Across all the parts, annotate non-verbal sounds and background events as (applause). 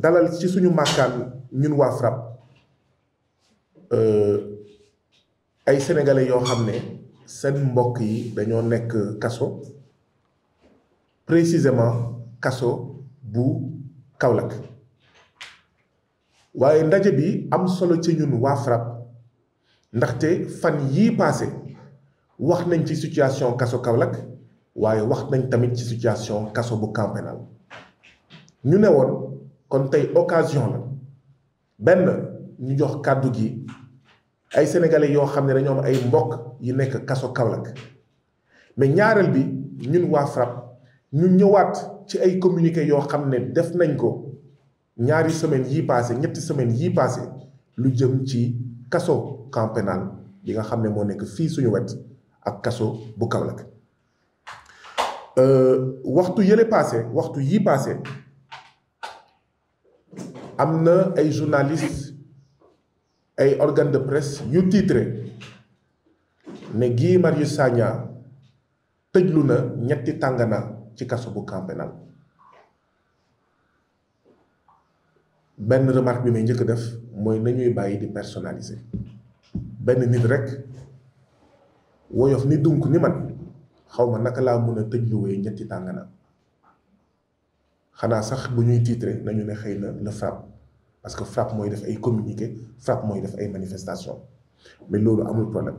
dalal ci suñu màkkaan ñun waa FRAPP euh, ay sénégalais yoo xam ne seen mbokk yi dañoo nekk kaso précisément kaso bu Kaolack waaye ndaje bi am solo ci ñun waa FRAPP ndaxte fan yi passé wax nañ ci situation kaso Kaolack waaye wax nañ tamit ci situation kaso bu Camp ñu ne woon kon tey occasion la benn ñu jox kàddu gi ay sénégalais yoo xam ne dañoo am ay mbokk yi nekk kaso Kaolack mais ñaareel bi ñun waa FRAPP ñu ñëwaat ci ay communiqué yoo xam ne def nañ ko ñaari semaine yii passé ñetti semaine yii passé lu jëm ci kaso camp pénal yi nga xam ne moo nekk fii suñu wet ak kaso bu Kaolack euh, waxtu yële passé waxtu yi passé am na ay journalistes ay organ de presse yu titré ne Guy Marius Sagna tëjlu na ñetti tàngana ci kaso bu Camp benn remarque bi may njëkk def mooy nañuy bàyyi di personnaliser benn nit rek woyof ni dunk ni man xaw naka laa mën a tëjluwee ñetti tàngana xanaa sax bu ñuy titre nañu ne xëy na le frappe parce que FRAPP mooy def ay communiqué FRAPP mooy def ay manifestation mais loolu amul problème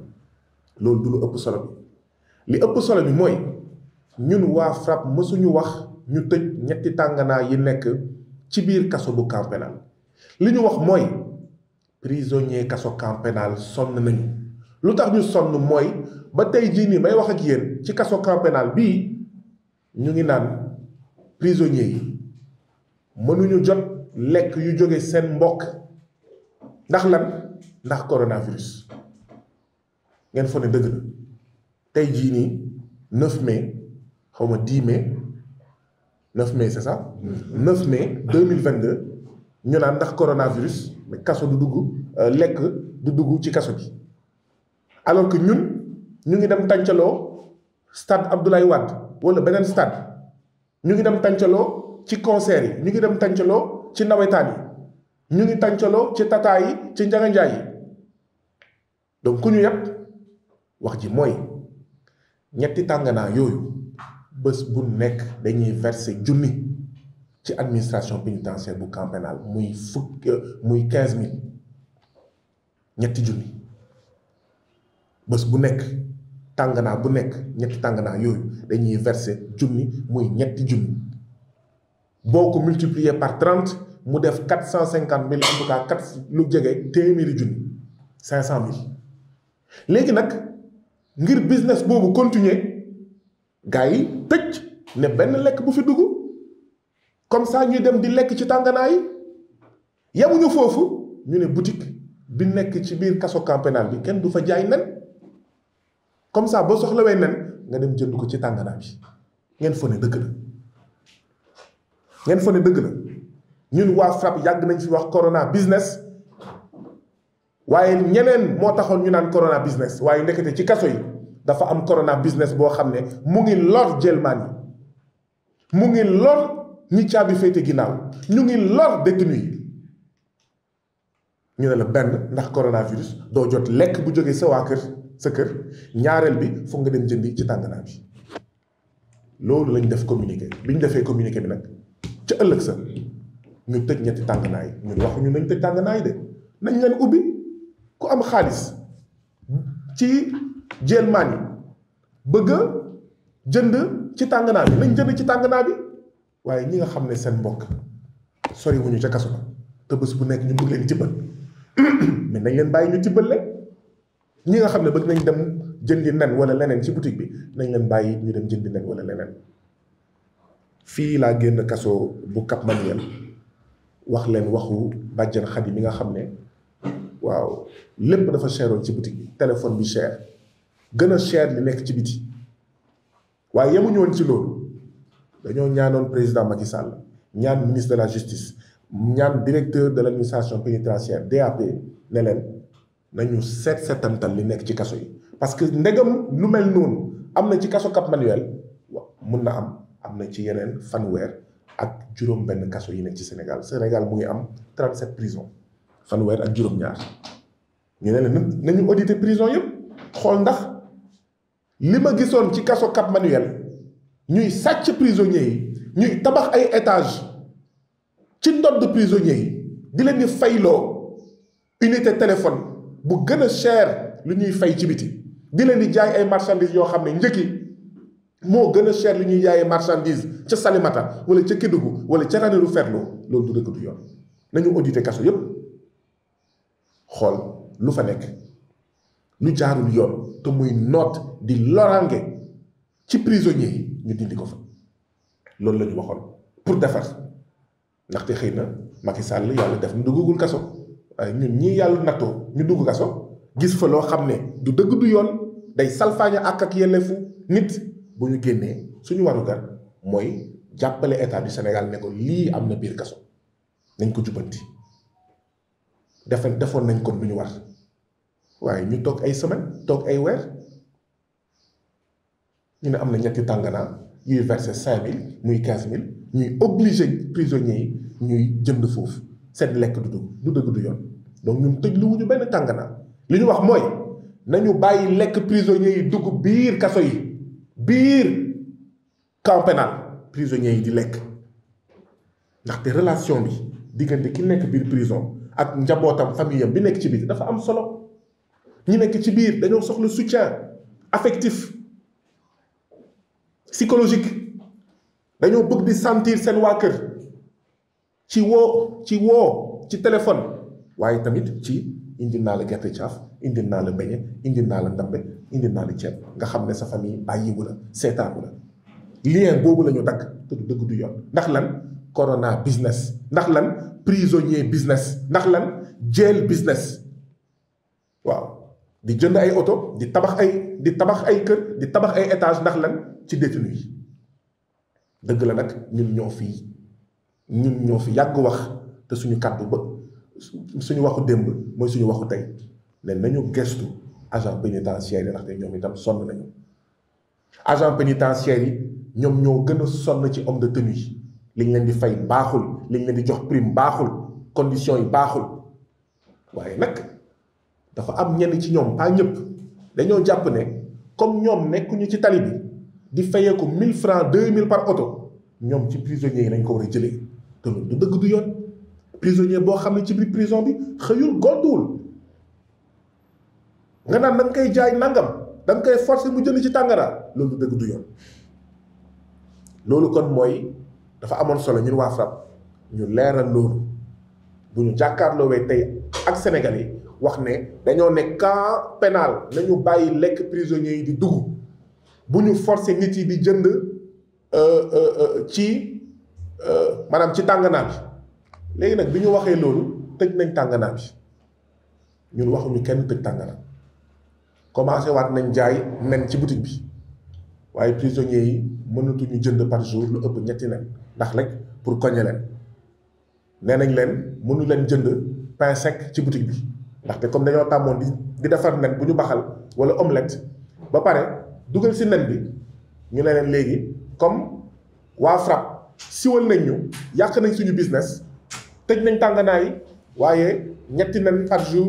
loolu du lu ëpp solo bi li ëpp solo bi mooy ñun waa FRAPP mësuñu wax ñu tëj ñetti tànganaa yi nekk ci biir kaso bu camp li ñu wax mooy prisonnier kaso camp pénal sonn nañu lu tax ñu sonn mooy ba tey jii nii may wax ak yéen ci kaso camp pénal bii ñu ngi naan prisonnier yi mënuñu jot lekk yu jóge seen mbokk ndax lan ndax coronavirus ngeen foog ne dëgg la tey jii nii 9 mai xaw ma 10 mai 9 mai c'est ça. 9 mm-hmm. mai 2022 ñu naan ndax coronavirus kaso du dugg euh, lekk du dugg ci kaso bi alors que ñun ñu ngi dem tàncaloo stade Abdoulaye Wade wala beneen stade ñu ngi dem tàncaloo ci concert yi ñu ngi dem tàncaloo. ci nawetaan yi ñu ngi tàncaloo ci tataa yi ci njaganjaay yi donc ku ñu yépp wax ji mooy ñetti tàng naa yooyu bés bu nekk dañuy verser junni ci administration pénitentiaire bu camp muy fukk euh, muy quinze mille ñetti junni bés bu nekk tàng tànganaa bu nekk ñetti tànganaa yooyu dañuy verser junni muy ñetti junni boo ko multiplier par trente mu def quatre cent cinquante mille en tout cas quatre lu jege téeméeri junni cinq cent mille léegi nag ngir business boobu continuer gars yi tëj ne benn lekk bu fi dugg comme saa ñuy dem di lekk ci tànganaay yi yemuñu foofu ñu ne boutique bi nekk ci biir kaso camp bi kenn du fa jaay nen comme ça ba soxlawee nen nga dem jënd ko ci tànganaay bi ngeen fone dëkk la ngeen fa ne dëgg na ñun waa FRAPP yàgg nañ fi wax corona business waaye ñeneen moo taxoon ñu naan corona business waaye ndekete ci kaso yi dafa am corona business boo xam ne mu ngi lor jëlmaan yi mu ngi lor ñi caabi féete ginnaaw ñu ngi lor détenu yi ñu ne la benn ndax coronavirus doo jot lekk bu jógee sa waa kër sa kër ñaareel bi foog nga dem jëndi ci tànganaa bi loolu lañ def communiqué bi ñu defee communiqué bi nag. ëllëg sa ñu tëj ñetti yi tànganaay ñun ñu nañ tëj tànganaay de nañ leen ubbi ku am xaalis ci jéelmaan yi bëgg a jënd ci tànganaa bi nañ jënd ci tànganaa bi waaye ñi nga xam ne seen mbokk sori wuñu ca kaso ba te bés bu nekk ñu bëgg leen tibbal (clears throat) mais nañ leen bàyyi ñu tibbal leen ñi nga xam ne bëgg nañ dem jëndi nen wala leneen ci boutique bi nañ leen bàyyi ñu dem jëndi nen wala leneen fii laa génn kaso bu Cap Manuel wax leen waxu bàjjan yi mi nga xam ne waaw lépp dafa cheroon ci buti bi téléphone bi cher gën a cher li nekk ci biti waaye yemuñu woon ci loolu dañoo ñaanoon président Macky Sall ñaan ministre de la justice ñaan directeur de l'administration pénitentiaire DAP ne leen nañu seet seetantal li nekk ci kaso yi parce que ndegam lu mel noonu am na ci kaso Cap Manuel mun na am am na ci yeneen fanweer ak juróom-benn kaso yi nekk ci Sénégal Sénégal mu ngi am 37 prison fanweer ak juróom-ñaar ñu ne la nañu audité prison yëpp xool ndax li ma gisoon ci kaso Cap Manuel ñuy sàcc prisonniers yi ñuy tabax ay étage ci ndodd prisonniers yi di leen di fayloo unité téléphone bu gën a cher lu ñuy fay ci biti di leen di jaay ay marchandises yoo xam ne njëkki moo gën a cher li ñuy yaayee marchandise ca Salémata wala ca Kédougou wala ca Ranérou Ferlo loolu du dëgg du yoon nañu audité kaso yépp xool lu fa nekk lu jaarul yoon te muy noot di loraange ci prisonnier yi ñu dindi ko fa loolu la ñu waxoon pour defar ndaxte xëy na Macky Sall yàlla def na duggagul kaso waaye ñun ñii yàlla nattoo ñu dugg kaso gis fa loo xam ne du dëgg du yoon day salfaaña ak ak yelleefu nit bu ñu génnee suñu warugar mooy jàppale état du Sénégal ne lii am na biir kaso nañ ko jubbanti defe defoon nañ kon lu ñu war waaye ñu toog ay semaine toog ay weer ñu ne am na ñetti tànganaa yuy verser cinq mille muy quinze mille ñuy obligé prisonniers yi ñuy jënd foofu seen lekk du dugg du dëgg du yoon donc ñun tëj lu wuñu benn tànganaa li ñu wax mooy nañu bàyyi lekk prisonniers yi dugg biir kaso yi biir camp pénal prisonniers yi di lekk ndaxte relation bi diggante ki nekk biir prison ak njabootam famille am bi nekk ci biir dafa am solo ñi nekk ci biir dañoo soxla soutien affectif psychologique dañoo bëgg di sentir seen waa kër ci woo ci woo ci téléphone waaye tamit ci indi naa la gerte caaf indi naa la beñe indil naa la ndambe indi naa la ceeb nga xam ne sa famille bàyyiwu la seetaawu la lien boobu la ñu dagg te du dëgg du yoon ndax lan corona business ndax lan prisonnier business ndax lan jail business waaw di jënd ay oto di tabax ay di tabax ay kër di tabax ay étage ndax lan ci détenu yi dëgg la nag ñun ñoo fi ñun ñoo fi yàgg wax te suñu kàddu ba suñu waxu démb mooy suñu waxu tey ne nañu gestu agent pénitentiaire yi ndaxte ñoom itam sonn nañu agent pénitentiaire yi ñoom ñoo gën a sonn ci homme de tenue yi liñ leen di fay baaxul liñ leen di jox prime baaxul condition yi baaxul waaye nag dafa am ñenn ci ñoom pas ñëpp dañoo jàpp ne comme ñoom nekkuñu ci tali bi di feyee ko mille francs deux mille par oto ñoom ci prisonniers yi nañ ko war a jëlee te loolu du dëgg du yoon prisonnier boo xam ne ci biir prison bi xëyul gonduwul nga naan da nga koy jaay nangam da koy forcer mu jënd ci tàngara loolu dëgg du yoon loolu dafa amoon solo ñun waa FRAPP ñu leeral bu ñu jàkkaarloowee tey ak sénégalais wax ne dañoo ne camp pénal nañu bàyyi lekk prisonniers yi di dugg bu ñu forcer nit yi di jënd euh, euh, euh, ci maanaam ci tànganaa léegi nag bi ñu waxee loolu tëj nañ tànganaa bi ñun waxuñu kenn tëj tànganaa commencé waat nañ jaay nen ci boutique bi waaye prisonniers yi mënatuñu jënd par jour lu ëpp ñetti nen ndax rek pour koñe leen nee nañ leen mënu leen jënd pain sec ci boutique bi ndaxte comme dañoo tàmmoon di di defar nen bu ñu baxal wala omelette ba pare dugal si nen bi ñu ne leen léegi comme waa FRAPP siwal nañ ñu yàq nañ suñu business tëj nañ tànganaay yi waaye ñetti nen par jour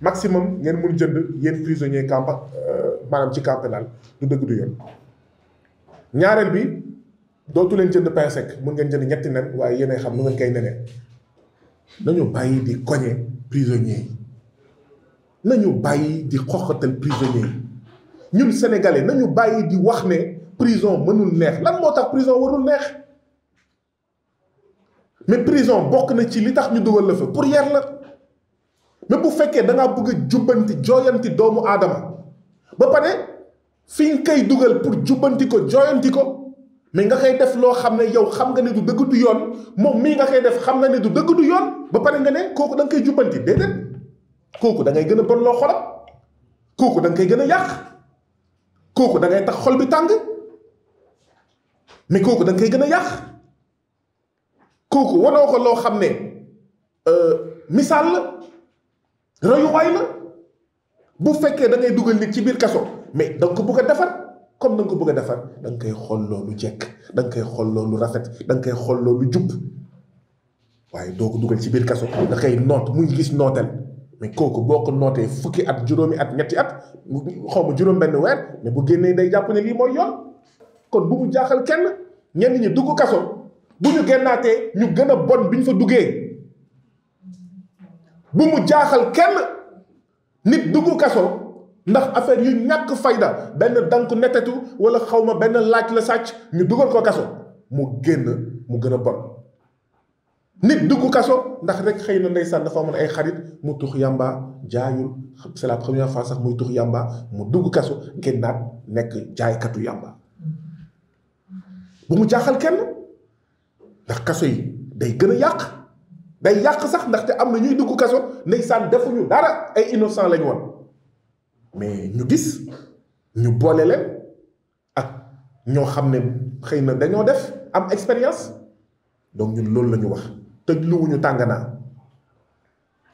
maximum ngeen mun jënd yéen prisonnier camp euh, maanaam ci camp pénal du dëgg du yoon ñaareel bi dootu leen jënd pain sec mun ngeen jënd ñetti nen waaye yéenay xam nu ngeen koy nenee nañu bàyyi di koñe prisonnier yi nañu bàyyi di xoxatal prisonnier yi ñun sénégalais nañu bàyyi di wax ne prison mënul neex lan moo tax prison warul neex mais prison bokk na ci li tax ñu dugal la fa pour yar la mais bu fekkee dangaa ngaa bëgg a jubbanti jooyanti doomu aadama ba pare fi nga koy dugal pour jubbanti ko jooyanti ko mais nga koy def loo xam ne yow xam nga ne du dëgg du yoon moom mii nga koy def xam na ne du dëgg du yoon ba pare nga ne kooku danga nga koy jubbanti déedéet kooku dangay gën a bon loo xolam kooku da kay gën a yàq kooku da ngay tax xol bi tàng mais kooku da nga koy gën a yàq. kooku wanoo ko loo xam ne euh, misaal la royuwaay la bu fekkee da ngay dugal nit ci biir kaso mais da ko bugg a defar comme da ko bëgg a defar da koy xool loolu jekk da nga koy xool loolu rafet da nga koy xool loolu jub waaye doo ko dugal ci biir kaso da koy noot muy gis nootel mais kooku boo ko nootee fukki at juróomi at ñetti at xaw ma juróom benn weer mais bu génnee day jàpp ne lii mooy yoon kon bu mu jaaxal kenn ñenn ñi dugg kaso bu ñu génnaatee ñu gën a bon bi ñu fa duggee bu mu jaaxal kenn nit duggu kaso ndax affaire yu ñàkk fayda benn dank netetu wala ma benn laaj la sàcc ñu dugal ko kaso mu génn mu gën a bon nit dugg kaso ndax rek xëy na ndeysaan dafa amoon ay xarit mu tux yàmba jaayul c'est la première fois sax muy tux yàmba mu dugg kaso génnaat nekk jaaykatu yàmba bu mu jaaxal kenn ndax kaso yi day gën a yàq day yàq sax ndaxte am na ñuy dugg kaso ndeysaan defuñu dara ay innocent lañ woon mais ñu gis ñu boole leen ak ñoo xam ne xëy na dañoo def am expérience donc ñun loolu la ñu wax tëj lu tàng naa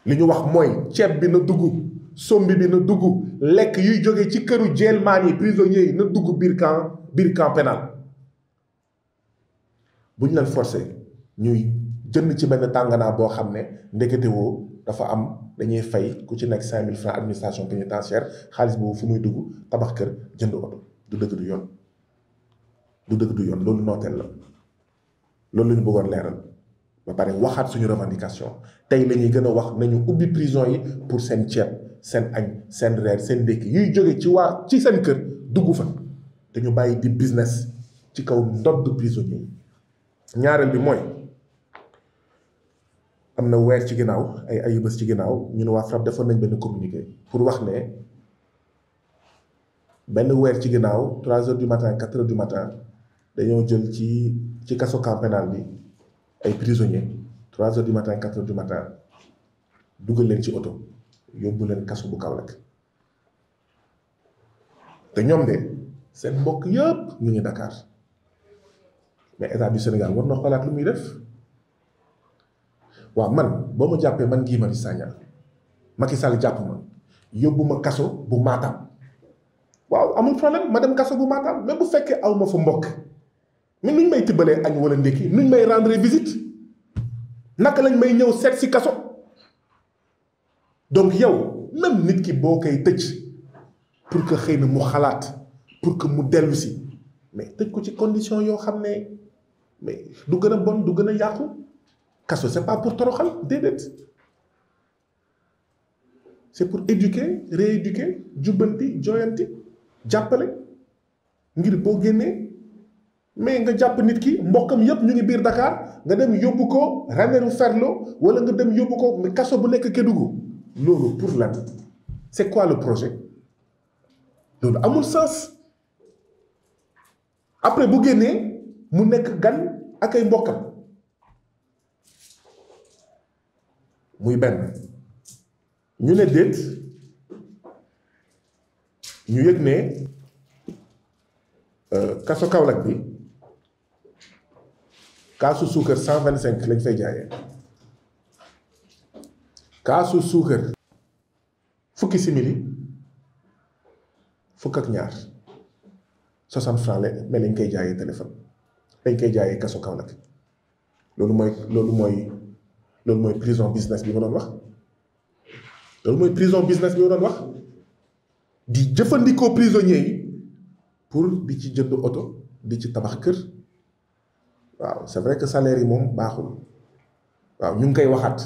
li ñu wax mooy ceeb bi na dugg sombi bi na dugg lekk yuy jóge ci këru jéelmaan yi prisonniers yi na dugg biir camp biir camp pénal bu ñu leen forcé ñuy jënd ci benn tànganaa boo xam ne ndeketewoo dafa am dañuy fay ku ci nekk cinq mille francs administration pénitentiaire xaalis boobu fu muy dugg tabax kër jënd oto du dëgg du yoon du dëgg du yoon loolu nooteel la loolu la ñu bëggoon leeral ba pare waxaat suñu revendication tey la ñuy gën a wax nañu ubbi prison yi pour seen ceeb seen añ seen reer seen ndékki yuy jóge ci waa ci seen kër dugg fa te ñu bàyyi di business ci kaw ndodd prisonnier yi ñaareel bi mooy am na weer ci ginnaaw ay ayu bés ci ginnaaw ñun waa FRAPP defoon nañ benn communiqué pour wax ne benn weer ci ginnaaw trois heures du matin quatre du matin dañoo jël ci ci kaso camp bi ay prisonniers trois heures du matin quatre du matin dugal leen ci oto yóbbu leen kaso bu Kaolack te ñoom de seen mbokk yëpp ñu ngi Dakar. mais état du Sénégal war na xoolaat lu muy def waaw man boo ma jàppee man Guy Marius Sagna Macky Sall jàpp ma yóbbu ma kaso bu Matam waaw amul problème ma dem kaso bu Matam même bu fekkee aw ma fu mbokk mais nuñ may tibbalee añ wala ndékki nuñ may rendre visite naka lañ may ñëw seet si kaso donc yow même nit ki boo koy tëj pour que xëy na mu xalaat pour que mu dellusi mais tëj ko ci condition yoo xam ne mais du gën a bon du gën a yàqu kaso c'est pas pour toroxal déedéet c'est pour éduquer rééduquer jubbanti jooyanti jàppale ngir boo génnee mais nga jàpp nit ki mbokkam yëpp ñu ngi biir dakaar nga dem yóbbu ko Ranérou Ferlo wala nga dem yóbbu ko mais kaso bu nekk Kédougou loolu pour lan c'est quoi le projet loolu amul sens après bu génnee mu nekk gan ak ay mbokkam muy benn ñu ne déet ñu yëg ne euh, kaso Kaolack bi kaasu suukar cent vingt cinq lañ fay jaayee kaasu suukar fukki simili fukk ak ñaar soixante franc la mais lañ koy jaayee téléphone dañ koy jaayee kaso Kaolack loolu mooy loolu mooy loolu mooy prison business bi ma doon wax loolu mooy prison business bi ma doon wax di jëfandikoo prisonniers yi pour di ci jënd oto di ci tabax kër waaw c'est vrai que salaire yi moom baaxul waaw ñu ngi koy waxaat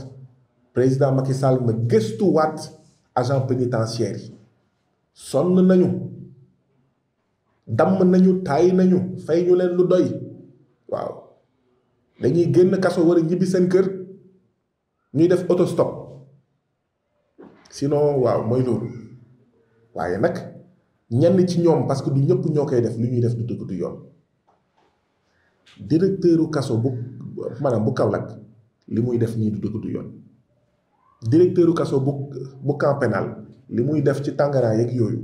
président Macky Sall na gëstuwaat agent pénitentiaire yi sonn nañu damm nañu taay nañu fay ñu leen lu doy waaw dañuy génn kaso war a ñibbi seen kër ñuy def autostop sinon waaw mooy loolu waaye nag ñenn ci ñoom parce que du ñëpp ñoo koy def li ñuy def du yoon directeuru kaso bu maanaam bu li muy def ñii du dëgg du yoon directeuru kaso bu bu camp pénal li muy def ci tàngaraay yeeg yooyu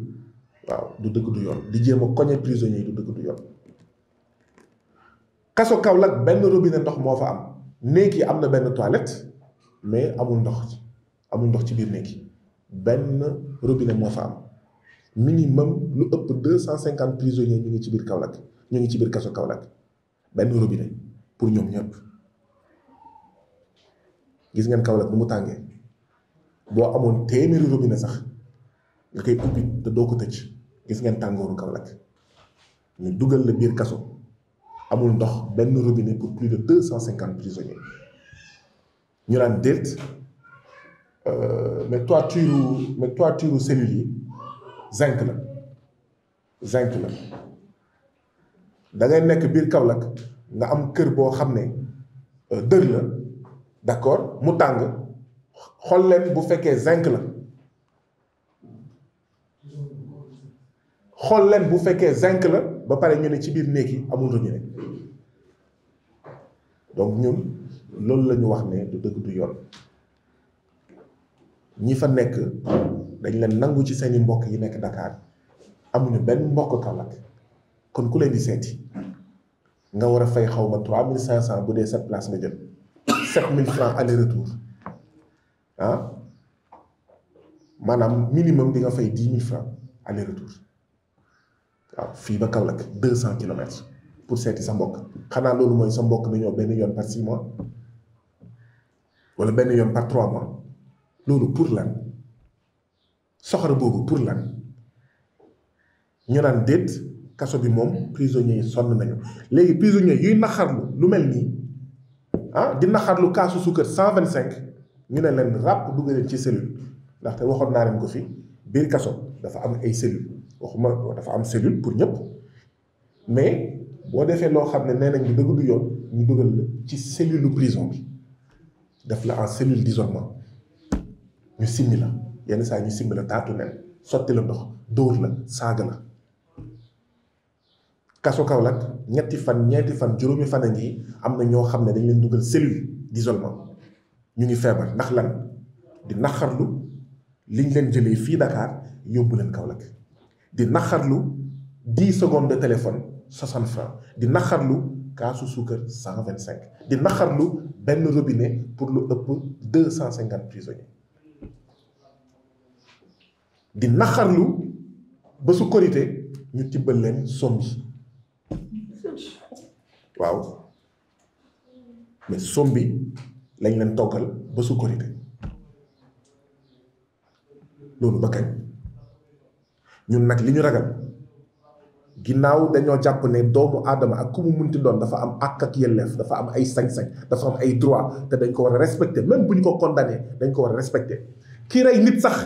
waaw du dëgg du yoon di jéem a koñe prisonniers yi du dëgg du yoon kaso Kaolack benn robinet ndox moo fa am néeg am na benn toilette mais amul ndox amul ndox ci biir néeg yi benn robinet moo fa am minimum lu ëpp deux cent cinquante prisonniers ñu ngi ci biir Kaolack ñu ngi ci biir kaso Kaolack benn robinet pour ñoom ñëpp gis ngeen Kaolack bu mu tàngee boo amoon téeméeri robinet sax nga koy ubbi te doo ko tëj gis ngeen tàngooru Kaolack ñu dugal la biir kaso amul ndox benn robinet pour plus de deux cent cinquante prisonniers ñu naan déet euh, mais toiture mais toiture cellules yi zinc la zinc la da ngay nekk biir Kaolack nga am kër boo xam ne euh, dër la d'accord mu tàng xool leen bu fekkee zinc la. xool leen bu fekkee zinc la ba pare ñu ne ci biir néeg yi amul lu ñu ne donc ñun loolu la ñu wax ne du dëgg du yoon ñi fa nekk dañ leen nangu ci seeni mbokk yi nekk ndakaar amuñu benn mbokk Kaolack kon ku leen di seeti nga war a fay xaw ma trois mille cinq cent bu dee sept place nga jël sept mille francs aller retour ah? maanaam minimum bi nga fay dix mille francs aller retour waaw fii ba Kaolack deux cent kilomètres pour seeti sa mbokk xanaa loolu mooy sa mbokk mi ñëw benn yoon par six mois wala benn yoon par trois loolu pour lan soxor boobu pour lan ñu naan déet kaso bi moom prisonniers yi sonn nañu léegi prisonniers yuy naxarlu lu mel nii ah di naxarlu kaasu suukar cent vingt cinq ñu ne leen ràpp dugg leen ci cellule ndaxte waxoon naa leen ko fi biir kaso dafa am ay cellule waxuma dafa am cellule pour ñëpp mais boo defee loo xam ne nee nañ ñu dëgg du yoon ñu dugal ci cellule prison bi def la en cellule d'isolement ñu simmi la yenn saa ñu simmi la taatu nen sotti la ndox dóor la saaga la kaso Kaolack ñetti fan ñeenti fan juróomi fan a ngi am na ñoo xam ne dañ leen dugal cellule d'isolement ñu ngi feebar ndax lan di naxarlu liñ leen jëlee fii Dakar yóbbu leen Kaolack di naxarlu dix secondes de téléphone soixante francs di naxarlu kaasu suukar cent vingt cinq di naxarlu benn robinet pour lu ëpp deux cent cinquante prisonniers di naxarlu ba su korité ñu tibbal leen somme waaw mais somme bi lañ leen toggal ba su loolu ba kañ ñun nag li ñu ragal ginnaaw dañoo jàpp ne doomu aadama ak ku mu munti doon dafa am àq ak yelleef dafa am ay sañ-sañ dafa am ay droit te dañ ko war a respecté même bu ñu ko condamné dañ ko war a respecté kii rey nit sax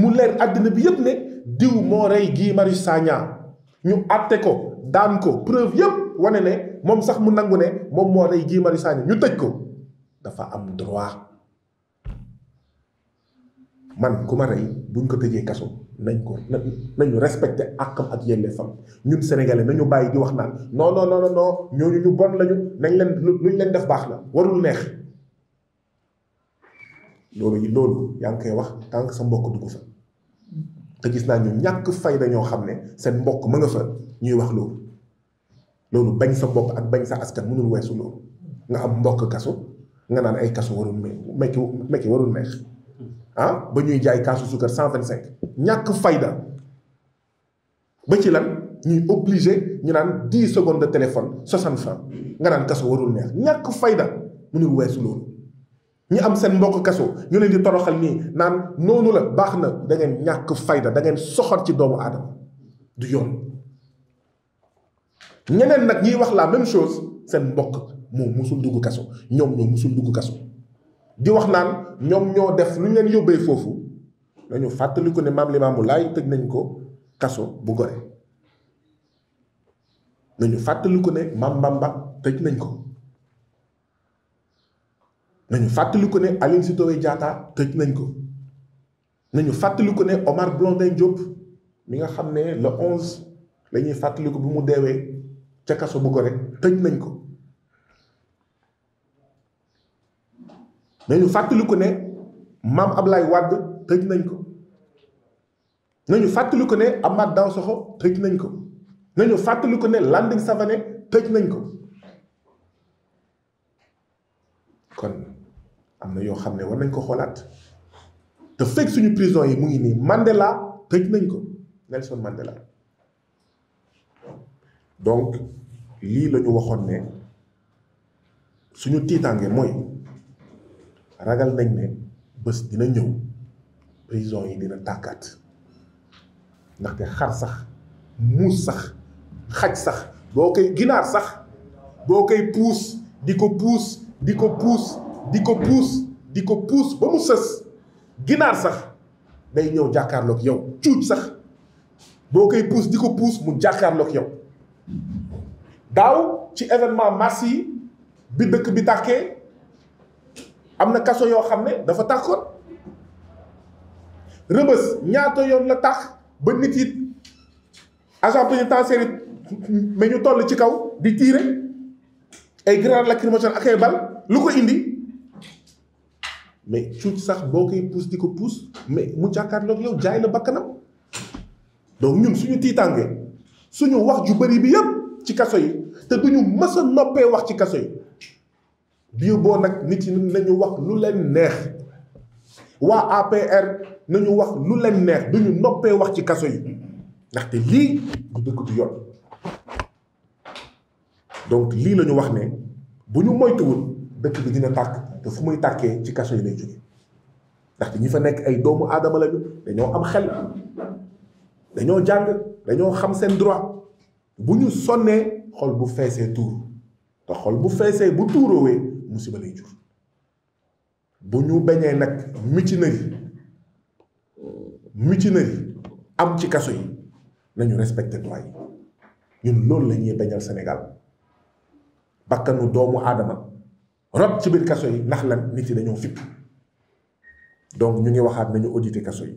mu leen àddina bi yëpp ne diw moo rey Guy Marius Sagna ñu àtte ko daan ko preuve yépp wane ne moom sax mu nangu ne moom moo rey Guy Marius Sagna ñu tëj ko dafa am droit man ku ma rey buñ ko tëjee kaso nañ ko nañu respecté àqam ak yelleefam ñun sénégalais nañu bàyyi di wax naan non non non non ñu bon lañu nañ leen luñ leen def baax la warul neex loolu loolu yaa ngi koy wax tant sa mbokk dugg fa te gis naa ñu ñàkk fayda ñoo xam ne seen mbokk mën a fa ñuy wax loolu loolu bañ sa mbokk ak bañ sa askan mënul weesu loolu nga am mbokk kaso nga naan ay kaso warul mekki mekki warul neex ah ba ñuy jaay kaasu suukar cent vingt cinq ñàkk fayda ba ci lan ñuy obligé ñu naan dix secondes de téléphone soixante francs nga naan kaso warul neex ñàkk fayda mënul weesu loolu ñu am seen mbokk kaso ñu leen di toroxal nii naan noonu la baax na da ngeen ñàkk fayda da ngeen soxor ci doomu aadama du yoon ñeneen nag ñiy wax la même chose seen mbokk moo musul dugg kaso ñoom ñoo musul dugg kaso di wax naan ñoom ñoo def lu ñu yóbbee foofu ñu fàttaliku ne maam Limaamu Laay tëj nañ ko kaso bu gore fàttaliku ne maam Bamba tëj nañ ko nañu fàttaliku ne Aline Sitoé Diatta tëj nañ ko nañu fàttaliku ne Omar Blondin Diop mi nga xam ne le 11 la fàttaliku bu mu deewee ca kaso bu gore tëj nañ ko nañu fàttaliku ne maam Ablaye Wade tëj nañ ko nañu fàttaliku ne Amath soxo tëj nañ ko nañu fàttaliku ne Landing Savané tëj nañ ko kon am na yoo xam ne war nañ ko xoolaat te fekk suñu prison yi mu ngi nii Mandela tëj nañ ko Nelson Mandela donc lii lañu waxoon ne suñu tiitaange mooy ragal nañ ne bés dina ñëw prison yi dina tàkkaat ndaxte xar sax muus sax xaj sax boo koy ginaar sax boo koy puus di ko puus di ko puus di ko puus di ko puus ba mu sës ginaar sax day ñëw jàkkaarlook yow cuuj sax boo koy puus di ko puus mu jàkkaarlook yow daaw ci événement mars yi bi dëkk bi tàkkee am na kaso yoo xam ne dafa tàkkoon rëbës ñaata yoon la tax ba nit it agent pénitentiaire mais ñu toll ci kaw bi tiire ay grenades lacrymogènes ak ay bal lu ko indi mais cuuc sax boo koy puus di ko puus mais mu jàkkaarloog yow jaay la bakkanam donc ñun suñu tiitaange suñu wax ju bëri bi yëpp ci kaso yi te duñu mës a noppee wax ci kaso yi bii boo nag nit yi nañu wax lu leen neex waa APR nañu wax lu leen neex du ñu noppee wax ci kaso yi ndaxte lii du dëgg du yoon donc lii la ñu wax ne bu ñu moytuwul dëkk bi dina tàkk te fu muy tàkkee ci kaso yi lay jóge ndaxte ñi fa nekk ay doomu aadama lañu dañoo am xel dañoo jàng dañoo xam seen droit bu ñu sonnee xol bu feesee tuur te xol bu feesee bu tuuroowee musiba lay jur bu ñu bañee nag mutinerie mutinerie am ci kaso yi nañu respecté droit yi ñun loolu la ñuy bañal Sénégal bakkanu doomu aadama rot ci biir kaso yi ndax la nit yi dañoo fipp donc ñu ngi waxaat nañu audité kaso yi